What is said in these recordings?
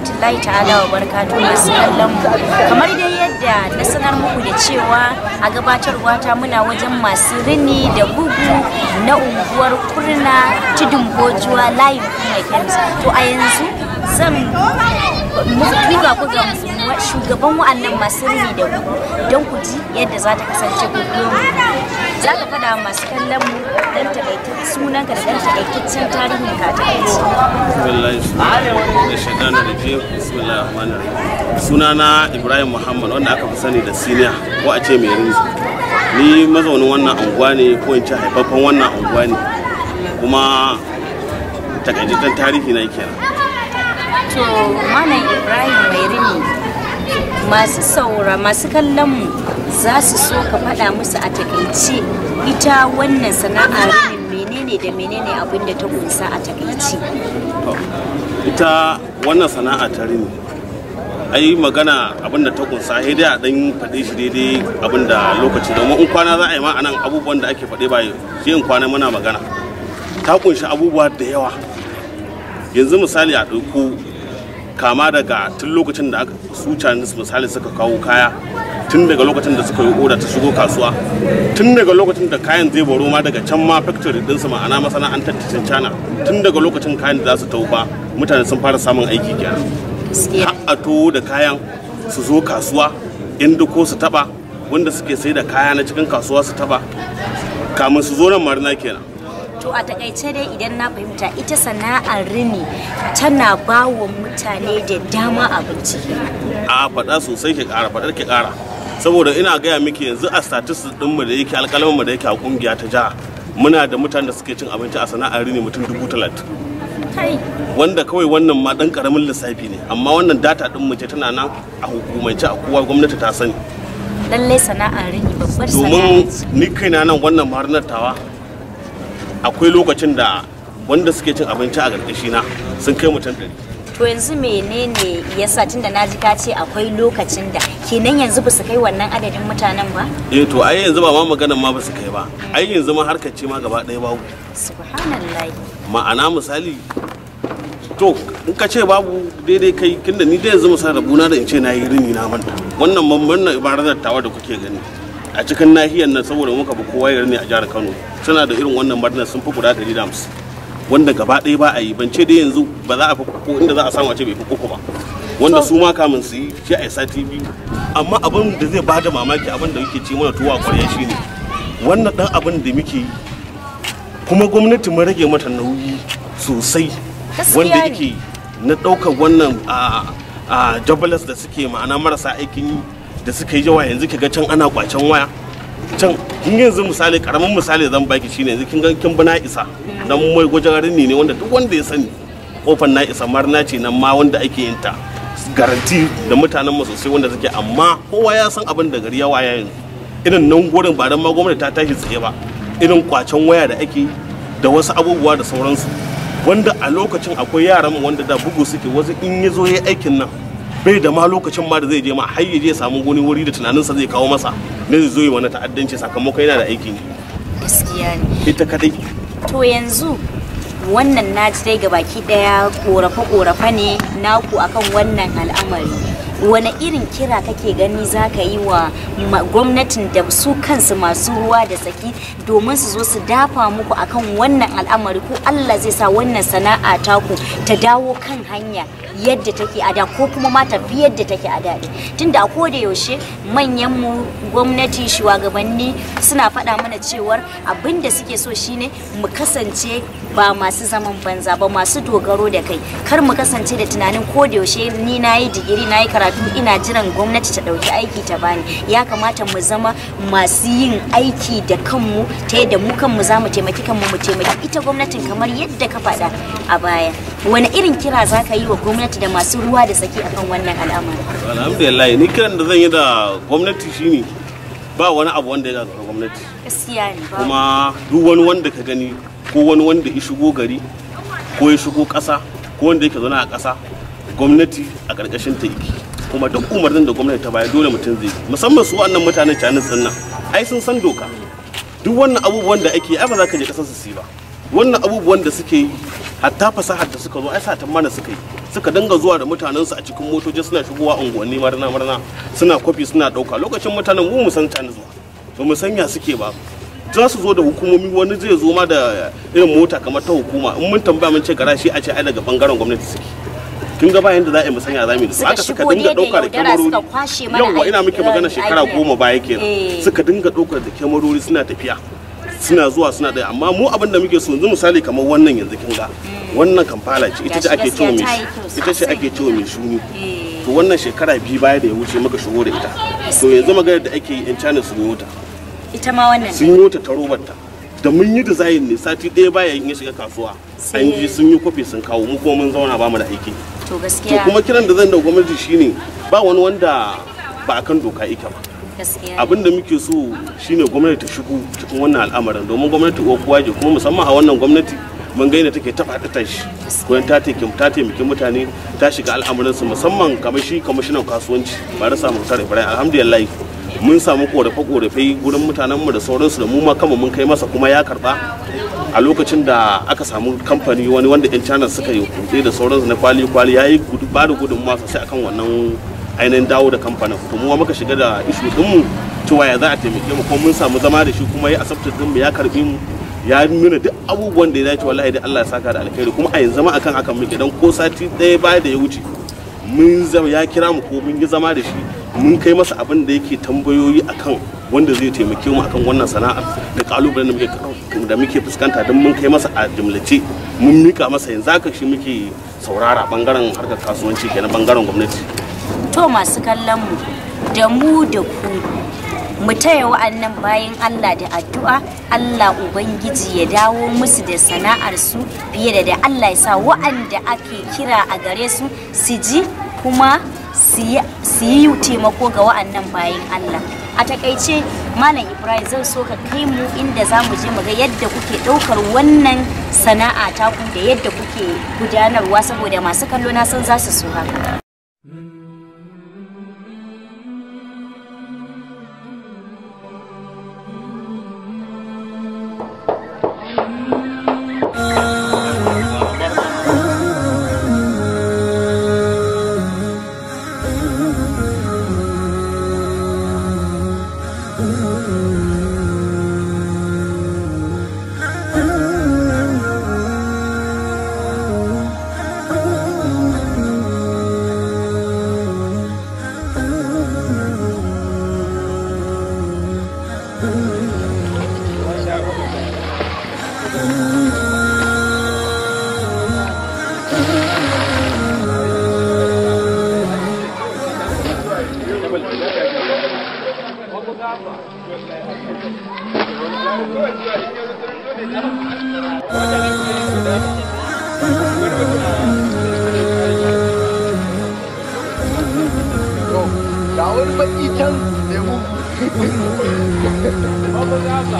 rahmatullahi ta'ala wa barakatu masu kallon mu kamar dai yadda na sanar muku da cewa a gabatarwa ta muna wajen masu rini da bugu na unguwar kurna tudun bojuwa layin kuma to a yanzu zan tura ku ga shugaban wa'annan masu rini da ku don ku ji yadda za ta kasance ku za ka faɗa masu kallon mu dan takaitun sunan ka da dan takaitaccen tarihin ka ta kai sunana Ibrahim Muhammad wanda aka fi sani da siniya ko a ce mai rinzi ni mazaunin wannan unguwa ne ko in ce haifaffen wannan unguwa ne kuma takaitaccen tarihi na kenan to malam ibrahim mai rini masu saura masu kallon mu za su so ka faɗa musu a takaice ita wannan sana'a rinin menene da menene abin da ta kunsa a takaice ita wannan sana'a ta rini ai magana abin da ta kunsa sai dai a dan faɗe shi daidai abin da lokaci domin in kwana za a yi ma anan abubuwan da ake faɗe ba sai in kwana muna magana ta kunshi abubuwa da yawa yanzu misali a ɗauko kama daga tun lokacin da aka su chinese misali suka kawo kaya tun daga lokacin da suka yi oda ta shigo kasuwa tun daga lokacin da kayan zai baro ma daga can ma factory ɗinsu ma'ana masana'antar cikin china tun daga lokacin kayan da za su tauba mutane sun fara samun aiki kenan har a to da kayan su zo kasuwa inda ko su taba wanda suke sai da kaya na cikin kasuwa su taba kamun su zo nan marina kenan to a takaice dai idan na fahimta ita sana'ar rini tana ba wa mutane da dama abinci a faɗa sosai ki ƙara faɗar ki ƙara saboda ina gaya miki yanzu a statistics ɗinmu da yake alƙalamin da yake a ƙungiya ta jiha muna da mutanen da suke cin abinci a sana'ar rini mutum dubu talatin wanda kawai wannan ma dan karamin lissafi ne amma wannan data din mu ce tana nan a hukumance a kowa gwamnati ta sani lalle sana'ar rini babbar sana'a domin ni kaina nan wannan tawa akwai lokacin da wanda suke cin abinci a ƙarƙashi na sun kai mutum ɗari to yanzu menene yasa tunda na ji ka ce akwai lokacin da kenan yanzu ba su kai wannan adadin mutanen ba eh to ai yanzu ba ma maganan ma ba su kai ba ai yanzu ma harkar ce ma gaba ɗaya babu Subhanallah. ma'ana misali to in ka ce babu daidai kai kinda ni dai yanzu misali na da in ce na yi rini na manta wannan mamman na ibarar tawa da kuke gani a cikin nahiyar nan saboda muka bi kowa ya ne a jihar Kano suna da irin wannan murnar sun fi guda 150 wanda gaba ɗaya ba a yi ban ce dai yanzu ba za a fi ko inda za a samu a ce bai fi uku ba wanda su ma kamun su yi shi a sati TV amma abin da zai bada mamaki abin da yake ci mana tuwa kwarya shine wannan dan abin da muke yi kuma gwamnati mun rage mata nauyi sosai wanda yake na ɗaukar wannan a ah, ah, da suke ma'ana marasa aikin yi da suka yi yawa yanzu kiga can ana kwacen waya can kin yanzu misali karamin misali zan baki shine yanzu kin ga kin bana isa dan mai rinni ne wanda duk wanda ya sani kofar na isa marna ce nan ma wanda ake yin ta garanti da mutanen mu sosai wanda suke amma kowa ya san abin da gari ya waya yanzu irin nan gurin ba dan ma gwamnati ta tashi tsaye ba irin kwacen waya da ake da wasu abubuwa da sauransu wanda a lokacin akwai yaran wanda da bugu suke wasu in ya zo aikin nan bai da ma lokacin ma da zai je ma har ya je samu wani wuri da tunaninsa zai kawo masa ne zai zo yi wani ta'addanci sakamakon yana da aikin yi gaskiya ne ita kadai to yanzu wannan na ji dai baki daya korafe korafe ne naku akan wannan al'amari wani irin kira kake gani za ka yi wa gwamnatin da su kansu masu ruwa da tsaki domin su zo su dafa muku akan wannan al'amari ko Allah zai sa wannan sana'a taku ta dawo kan hanya yadda take a da ko kuma ma tafi yadda take a daɗi tunda a koda yaushe manyan mu gwamnati shugabanni suna faɗa mana cewar abin da suke so shine mu kasance ba masu zaman banza ba masu dogaro da kai kar mu kasance da tunanin koda yaushe ni nayi digiri nayi karatu karatu ina jiran gwamnati ta ɗauki aiki ta bani ya kamata mu zama masu yin aiki da kanmu ta yadda mu kanmu za mu taimaki kanmu mu taimaki ita gwamnatin kamar yadda ka faɗa a baya wani irin kira za ka yi wa gwamnati da masu ruwa da saki akan wannan al'amari alhamdulillah ni kiran da zan yi da gwamnati shine ba wani abu wanda ya gagara gwamnati gaskiya ne kuma duk wani wanda ka gani ko wani wanda ya shigo gari ko ya shigo ƙasa ko wanda yake zaune a ƙasa gwamnati a ƙarƙashin ta yake kuma duk umarnin da gwamnati ta bayar dole mutum zai musamman su wannan mutanen canis din nan ai sun san doka duk wannan abubuwan da ake ai ba za ka je kasar su ba wannan abubuwan da suke yi hatta fasahar da suka zo ai satan mana suka yi suka dinga zuwa da mutanen su a cikin motoci suna shigowa unguwanni marna marna suna kofi suna dauka lokacin mutanen mu mu san canis ba ba mu sanya suke ba za su zo da hukumomi wani zai zo ma da irin mota kamar ta hukuma in mun tambaya mun ce gara shi a ce ai daga bangaren gwamnati suke kin ga ba yanda za a yi musanya za mu da su aka suka dinga dauka da kyamarori yawwa ina muke magana eh, shekara goma baya kenan eh. suka dinga dauka da kyamarori suna tafiya suna zuwa suna ɗaya amma mu abinda muke so yanzu misali kamar wannan yanzu kin ga hmm. wannan kamfala ce ita ce ake cewa mai ita ce ake cewa mai shuni eh. to wannan shekara biyu baya da ya wuce muka shigo da ita to yanzu magana da ake yi yan China su yi ita ma wannan sun yi ta robar ta da mun yi design ne sati daya baya in ya shiga kasuwa an ji sun yi kofi sun kawo mu kuma mun zauna ba mu da aiki to gaskiya to kuma kiran da zan da gwamnati shine ba wani wanda ba akan doka ita ba abin da muke so shine gwamnati ta shigo cikin wannan al'amarin domin gwamnati ko kowa ce kuma musamman a wannan gwamnati mun ga yadda take ta faɗi tashi koyan ta taimaki mutane ta shiga su musamman kamar shi na kasuwanci ba rasa tare ibrahim alhamdulillah mun samu korafe-korafe gurin mutanen mu da sauransu da mu ma kama mun kai masa kuma ya karba a lokacin da aka samu kamfani wani wanda 'yan china suka yi kuɗe da sauransu na kwali kwali ya yi ba da gudun masu sai akan wannan ainihin dawo da kamfanin to mu muka shiga da ishu dinmu cewa ya za a taimake mu ko mun samu zama da shi kuma ya asabta dinmu ya karbi mu ya nuna duk abubuwan da ya dace wallahi da Allah ya saka da alkhairi kuma a yanzu zama akan akan muke dan ko sati daya baya da ya wuce mun zama ya kira mu ko mun yi zama da shi mun kai masa abin da yake tambayoyi akan wanda zai taimake mu akan wannan sana'ar da kalubalen da muke da muke fuskanta don mun kai masa a jimlace mun mika masa yanzu haka shi muke saurara bangaren harkar kasuwanci kenan bangaren gwamnati to masu kallon mu da mu da ku mu taya wa'annan bayan Allah da addu'a Allah Ubangiji ya dawo musu da sana'ar su fiye da da Allah ya sa wa'anda ake kira a gare su su ji kuma su yi taimako ga wa'annan bayan Allah a takaice malam ibrahim zan so ka kai mu inda za mu je mu ga yadda kuke ɗaukar wannan sana'a ta ku da yadda kuke gudanarwa saboda masu kallo na san za su so haka 我一枪，两步，两不干了。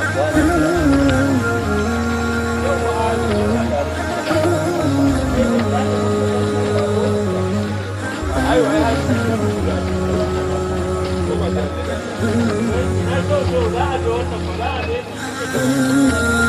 我，你把二斤干掉。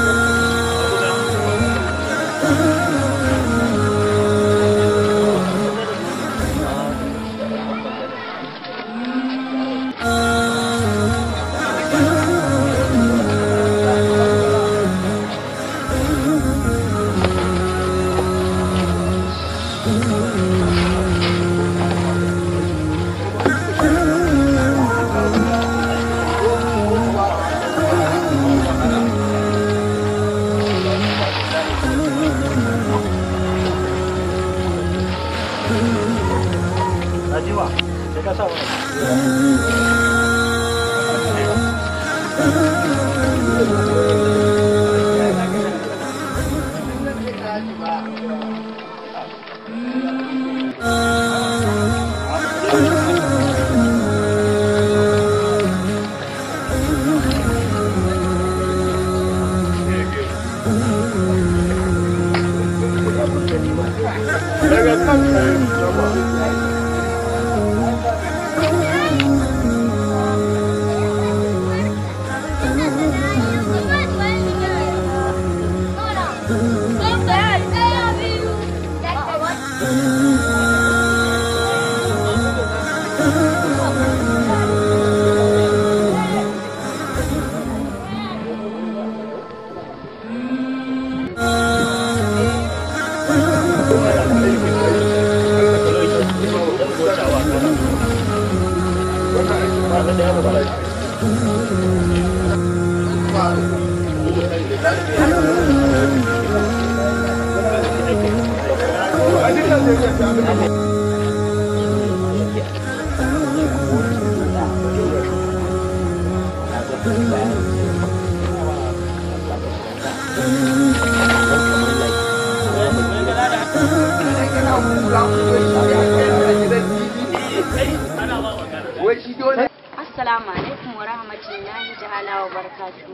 barakatu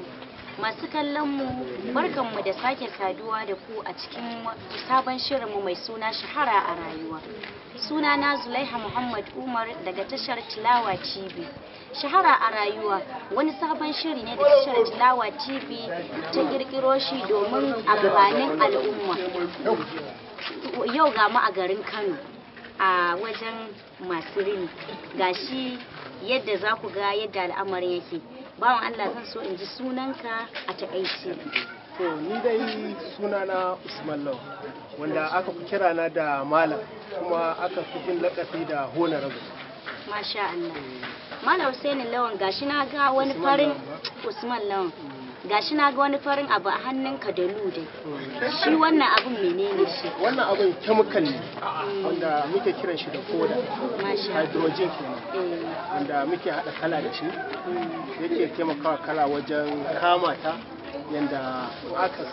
masu kallon mu barkanmu da sake saduwa da ku a cikin sabon mu mai suna shahara a rayuwa suna na zulaiha muhammad umar daga tashar tilawa cibi shahara a rayuwa wani sabon shiri ne da tashar tilawa cibi ta kirkiro shi domin amfanin al'umma yau ga mu a garin kano a wajen masu rini gashi yadda za ku ga yadda al'amarin yake bawan Allah zan so in ji sunanka a takaice to ni dai sunana Usman Law wanda aka fi kira na da malam kuma aka fi jin lakafi da Rabu. masha Allah malam Hussein Lawan gashi na ga wani farin Usman Lawan gashi na ga wani farin abu a hannunka da lude shi wannan abun menene shi wannan abun chemical ne wanda muke kiran shi da koda hydrogen eh. wanda muke hada kala da shi yake taimakawa kala wajen kama ta yanda aka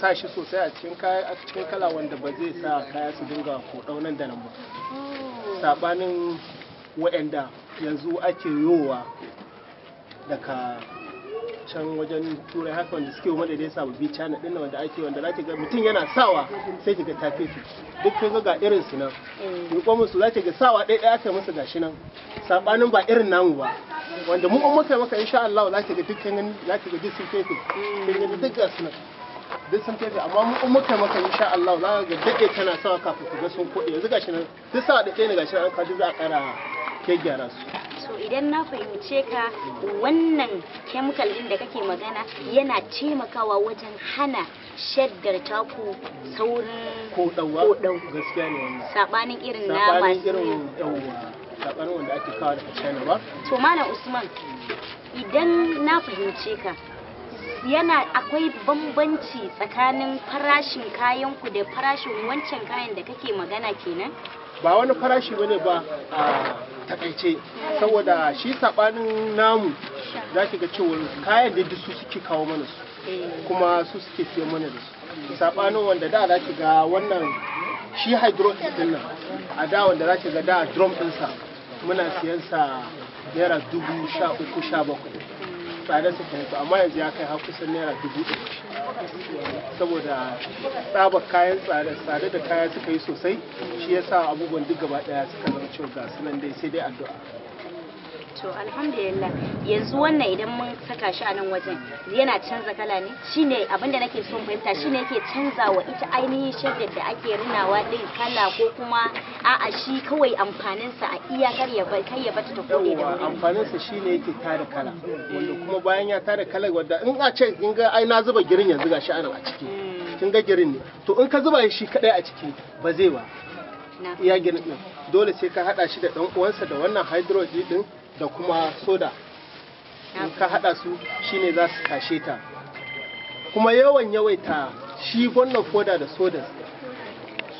sa shi sosai a cikin kaya a cikin kala wanda ba zai sa kaya su dinga ko nan da nan ba oh. sabanin waɗanda yanzu ake yowa daga can wajen turai haka wanda suke wanda dai biyu cana din wanda ake wanda za ga mutum yana sawa sai ki ga tafi su duk kin ga irin su nan ni eh. ko musu za ga sawa ɗaya ɗaya aka musu gashi nan sabanin ba irin namu ba wanda mu kai maka insha Allah za ga dukkan gani za ga duk sun kai ga duk su nan duk sun kai amma mu umma kai maka insha Allah za ga dade tana sawa kafin su ga sun ko yanzu gashi nan duk sawa da kai ne gashi nan an kaji za a ƙara ke gyara su so idan na fahimce ka wannan chemical din da kake magana yana taimakawa wajen hana shaddar taku saurin kodau gaskiya ne sabanin irin na masu sabanin wanda ake kawo daga China ba to malam Usman idan na fahimce ka yana akwai bambanci tsakanin farashin kayan ku da farashin wancan kayan da kake magana kenan ba wani farashi bane ba a takaice saboda shi sabanin namu za ki ga cewa kayan da su suke kawo mana su eh. kuma su suke siyo mana da su sabanin wanda da za ki ga wannan shi hydraulic din nan a da wanda za ki ga da drum ɗinsa muna siyan sa naira dubu sha uku sha bakwai tsadar su yi amma yanzu ya kai har kusan naira dubu ɗaya saboda tsabar kayan tsada da kaya suka yi sosai shi yasa abubuwan duk gaba ɗaya suka zama cewa ga sunan dai sai dai addu'a to alhamdulillah yanzu wannan idan mun saka shi a nan wajen yana canza kala ne shine abinda nake son fahimta shine yake canza wa ita ainihin shaddar da ake rinawa din kala ko kuma a'a shi kawai amfanin sa a iyakar ya kai ya bata ta kode da wuri amfanin sa shine yake tare kala wanda kuma bayan ya tare kala wanda in a ce in ga ai na zuba girin yanzu ga shi a ciki hmm. kin ga girin ne to in ka zuba shi kadai a ciki ba zai ba iya girin din dole sai ka hada shi da dan uwansa da wannan hydrogen din da kuma soda in ka hada su shine za su tashe ta kuma yawan yawaita shi wannan foda da soda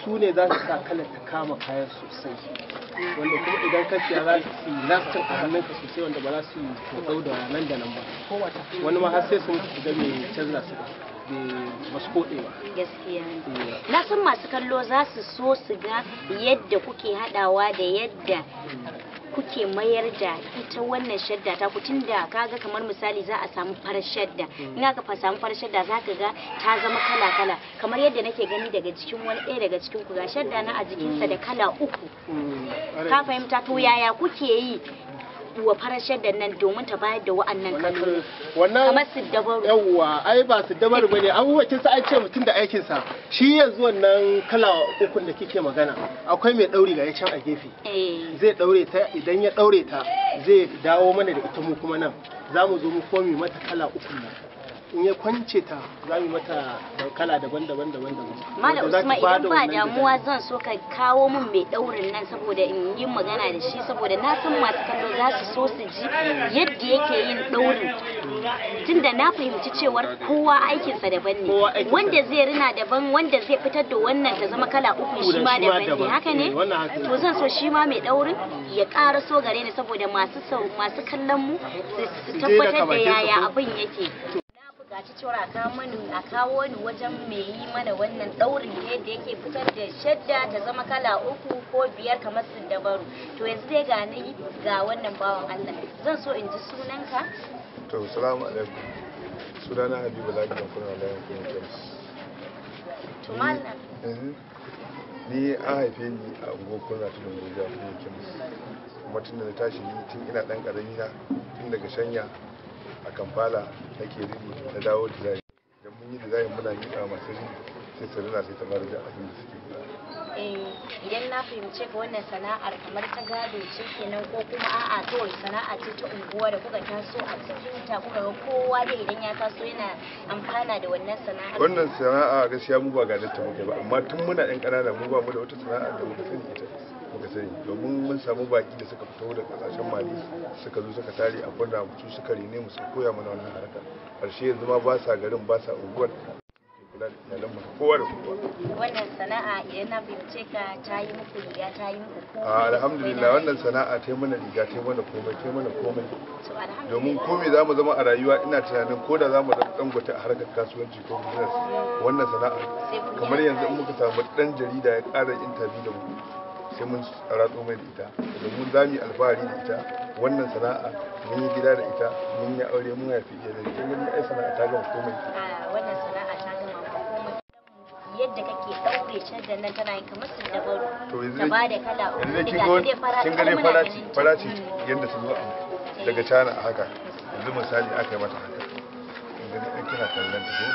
su ne za su sa ta kama kayan sosai wanda kuma idan ka siya za su yi lastin a hannun ka sosai wanda ba za su yi tsau da nan da nan ba wani ma har sai sun shiga mai canza su da masu kodewa gaskiya eh. na san masu kallo za su so su ga yadda kuke hadawa da yadda kuke mayar da ita wannan shadda ta ku tunda kaga kamar misali za a samu farar shadda hmm. in aka fa samu farar shadda za ka ga ta zama kala kala kamar yadda nake gani daga cikin wani ɗaya daga cikin ku ga shadda na a jikinsa da kala uku hmm. Hmm. ka fahimta to yaya kuke yi wa farar da nan domin ta bayar da wa'annan kalmomi kamar su dabaru yawwa ai ba su dabaru bane abubuwa kin sa an ce mutum da aikin sa shi yanzu wannan kala ukun da kike magana akwai mai dauri ga can a gefe eh. zai daure ta idan ya daure ta zai dawo mana da ita mu kuma nan za mu zo mu komi mata kala ukun nan in ya kwance ta za mu mata kala daban-daban daban-daban. Malam Usman idan ba damuwa zan so ka kawo min mai daurin nan saboda in yi magana da shi saboda na san masu kallo za su so su ji yadda yake yin daurin. Tunda na fahimci cewar kowa aikinsa daban ne. Wanda zai rina daban wanda zai fitar da wannan ta zama kala uku shi ma daban ne eh, haka ne? To zan so shi ma mai daurin ya ƙara so gare ni saboda masu masu kallon mu su tabbatar da yaya abin yake. buƙaci cewa a kawo mani a kawo ni wajen mai yi mana wannan ɗaurin yadda yake fitar da shadda ta zama kala uku ko biyar kamar sun dabaru to yanzu dai ga ni ga wannan bawan Allah zan so in ji sunanka to salamu alaikum sunana Habibu Lagi da kuma Alayyar Kuma Kemis to malam ni eh, a haife ni a unguwar na tudun gurgiya Kuma Kemis kuma tun da na tashi ni tun ina ɗan ƙarami na tun daga shanya a kampala ake rini na dawo design da mun yi design muna miƙa masu rini sai su rina sai ta da abin da suke eh, idan na fahimce ka wannan sana'ar kamar ta gado ce kenan ko kuma a'a kawai sana'a ce ta unguwa da kuka taso a cikin ta kuka ga kowa dai idan ya taso yana amfana da wannan sana'a wannan sana'a gaskiya mu ba gadon ta muke ba amma tun muna yan kanana mu ba mu da wata sana'a da muka sani ita muka sani domin mun samu baki da suka fito da kasashen mali suka zo suka tare a kwana mutu suka rene mu suka koya mana wannan harka karshe yanzu ma ba sa garin ba sa unguwar kula da iyalan mu kowa da kowa wannan sana'a idan na fahimce ka ta yi muku riga ta yi muku komai ah, alhamdulillah wannan sana'a ta yi mana riga ta yi mana komai ta yi mana komai domin komai za mu zama a rayuwa ina tunanin ko da za mu zama gwata a harkar kasuwanci ko business wannan sana'a kamar yanzu in muka samu dan jarida ya ƙara intabi da mu sai mun ratso mai da ita domin za mu yi alfahari da ita wannan sana'a mun yi gida da ita mun yi aure mun haifi iya da mun yi ai sana'a ta gama komai a wannan sana'a ta gama komai yadda kake daure da nan tana yin kamar su dabaru ta ba da kala yanzu kin ga kin ga faraci farashi yanda su zo eh. daga cana a haka yanzu misali aka yi mata haka idan kina kallon ta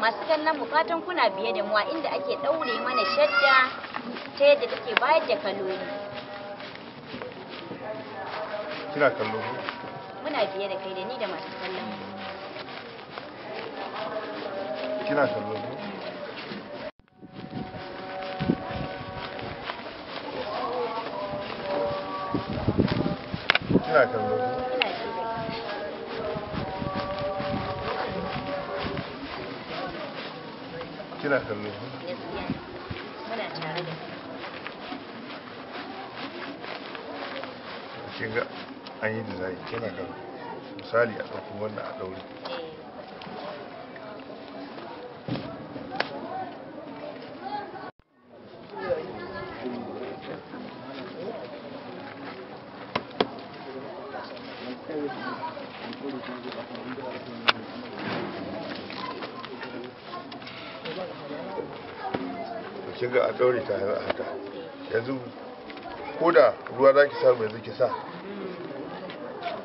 masu kallon bukatan kuna biye da mu a inda ake daure mana shadda ta yadda take bayar da kaloli kina kallo muna biye da kai da ni da masu kallon kina kallo kina kallo kina kallo kin ga an yi design kina ga misali a ɗauko wannan a ɗaure kin ga a ɗaure ta haka yanzu ko da ruwa za ki samu yanzu ki sa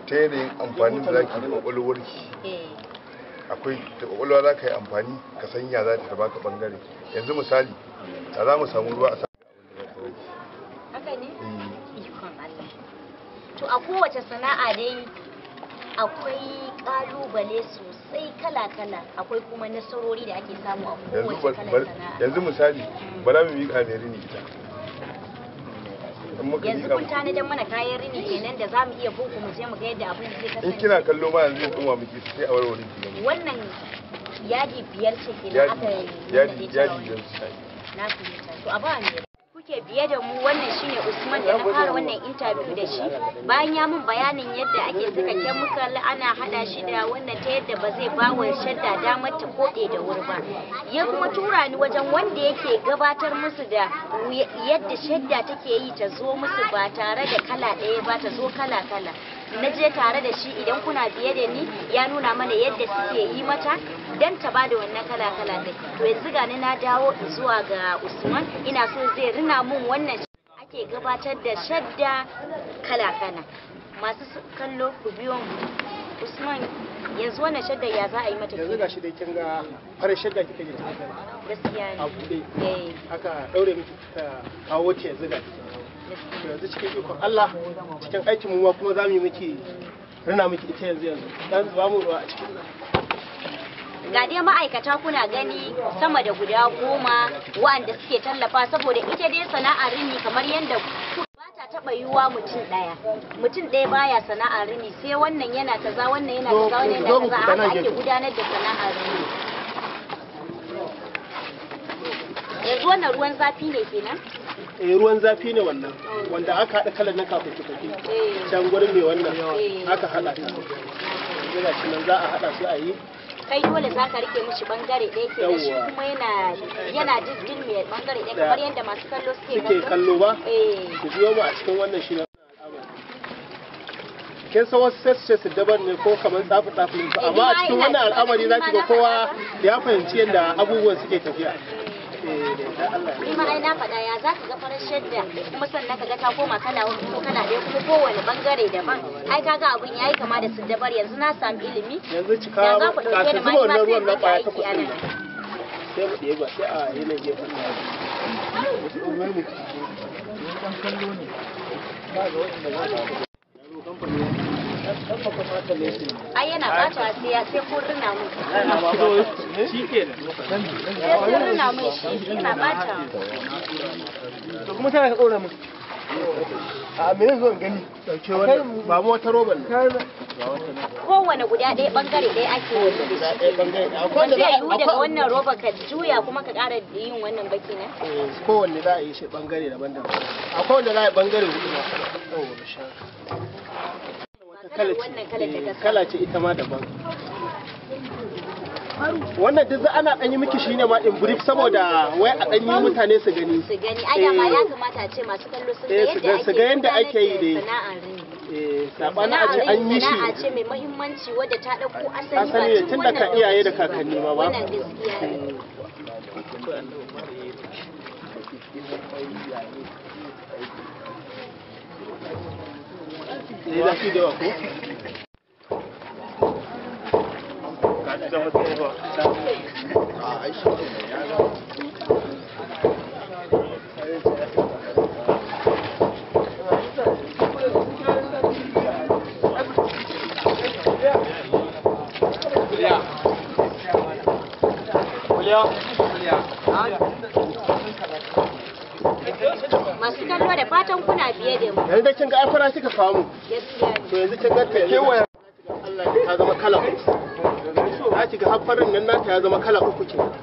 ta yanayin amfani da za ki da ki akwai da ƙwaƙwalwa za ka yi amfani ka sanya za ta baka ɓangare yanzu misali a za mu samu ruwa a sa eh. to a kowace sana'a dai akwai kalubale sosai kala-kala akwai kuma nasarori da ake samu a kowace kala sana'a yanzu misali mm. bala mu yi kameri ne ita yanzu kun tani mana kayan rini kenan da zamu iya buku mu je mu ga yadda abin zai kasance in kina kallo ma yanzu in wa muke sai a warware ki wannan yadi biyar ce kenan aka yadi yadi biyar ce na to a ba ni kuke biye da mu wannan shine Usman da na fara wannan interview da shi bayan ya mun bayanin yadda ake saka chemical ana hada shi da wannan ta yadda ba zai ba wa shadda damar ta kode da wuri ba ya kuma tura ni wajen wanda yake gabatar musu da yadda shadda take yi ta zo musu ba tare da kala ɗaya ba ta zo kala kala na je tare da shi idan kuna biye da ni ya nuna mana yadda suke yi mata idan ta bada wannan kala kala ne to yanzu ga ni na dawo zuwa ga usman ina so zai rina mun wannan ake gabatar da shadda kala kala masu kallo ku biyo mu usman yanzu wannan shadda ya za a yi mata yanzu gashi dai kin ga farin shadda kika yi gaskiya ne a bude eh. aka daure miki kawo ta yanzu ga yanzu cikin ikon Allah cikin aikin mu kuma za mu yi miki rina miki ita yanzu yanzu dan zuba mu ruwa a cikin ga dai ma'aikata kuna gani sama da guda goma wa'anda suke tallafa saboda ita dai sana'ar rini kamar yadda ta taɓa yiwuwa mutum ɗaya mutum ɗaya baya sana'ar rini sai wannan yana ta za, wannan yana ta za, wannan yana za, a haka ake gudanar da sana'ar rini yanzu wannan ruwan zafi ne kenan eh ruwan zafi ne wannan wanda aka haɗa kalar na kafin tufafi eh. can gurin mai wannan eh. aka haɗa ta ga shi nan za a haɗa su a yi kai dole za ka rike mishi bangare ɗaya ke da shi kuma yana yana jirgin mai bangare ɗaya kamar yadda masu kallo suke kallo ba eh. ku biyo mu a cikin wannan shirin kin san wasu sai su daban ne ko kamar tsafi tsafi eh, amma a cikin wannan al'amari za ki ga kowa ya fahimci yadda abubuwan suke tafiya ni ma ai na faɗa ya za ka ga farar shadda kuma sannan ka ga ta koma kana ko kana dai kuma kowane bangare daban ai ka ga abun yayi kama da siddabar yanzu na samu ilimi yanzu cika ya za ku ɗauke da ma ni sai na yi aiki sai mu ɗaya ba sai a yi na gefen na ba ga za yana sai ko mun shi sai ko mun shi kuma tana ka mun a me zo gani ba mu wata roban kowane guda ɗaya bangare ɗaya ake yi wanda zai yiwu daga wannan roba ka juya kuma ka ƙara yin wannan baki eh, kowanne za a yi shi bangare daban-daban akwai wanda za a yi bangare hudu kala ce ita ma daban wannan duk ana dan yi miki shine ma in brief saboda wai a dan yi mutane su gani su gani ai dama ya eh. kamata a ce masu kallo sun ga eh, yadda yadda ake yi dai sabana a ce an yi shi a ce mai muhimmanci wadda ta dauko asali ba tun da ka iyaye da kakanni ma ba 你拉谁的伙？赶紧不要。啊。masu kallo da fatan kuna biye da mu yanzu kin ga ai fara kika samu to yanzu kin ga ke Allah ta zama kala uku ta shiga har nan nata ya zama kala uku kenan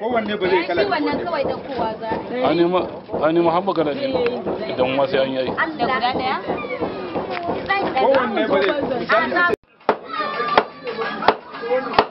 kowanne ba zai kala wannan kawai da kowa za a yi ne eh. idan wasu an yi kowanne ba zai